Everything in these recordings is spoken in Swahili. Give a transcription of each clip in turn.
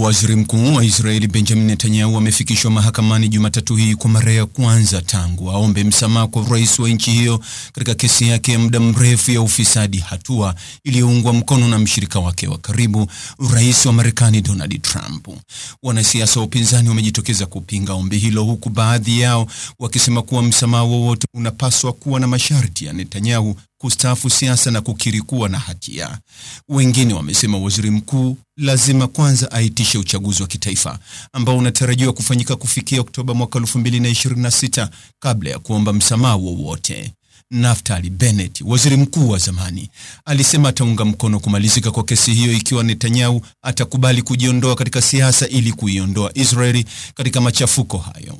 Waziri Mkuu wa Israeli Benjamin Netanyahu amefikishwa mahakamani Jumatatu hii kwa mara ya kwanza tangu aombe msamaha kwa rais wa nchi hiyo katika kesi yake ya muda mrefu ya ufisadi, hatua iliyoungwa mkono na mshirika wake wa karibu, Rais wa Marekani Donald Trump. Wanasiasa wa upinzani wamejitokeza kupinga ombi hilo, huku baadhi yao wakisema kuwa msamaha wowote unapaswa kuwa na masharti ya Netanyahu kustaafu siasa na kukiri kuwa na hatia. Wengine wamesema waziri mkuu lazima kwanza aitishe uchaguzi wa kitaifa ambao unatarajiwa kufanyika kufikia Oktoba mwaka 2026 kabla ya kuomba msamaha wowote. Naftali Bennett, waziri mkuu wa zamani, alisema ataunga mkono kumalizika kwa kesi hiyo ikiwa Netanyahu atakubali kujiondoa katika siasa ili kuiondoa Israeli katika machafuko hayo.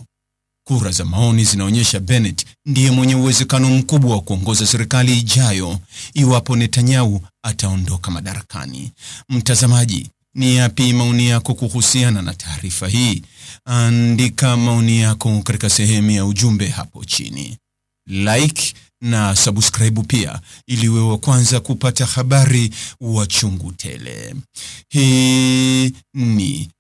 Kura za maoni zinaonyesha Bennett ndiye mwenye uwezekano mkubwa wa kuongoza serikali ijayo iwapo Netanyahu ataondoka madarakani. Mtazamaji, ni yapi maoni yako kuhusiana na taarifa hii? Andika maoni yako katika sehemu ya ujumbe hapo chini. Like na subscribe pia ili uwe wa kwanza kupata habari wa chungu tele. Hii ni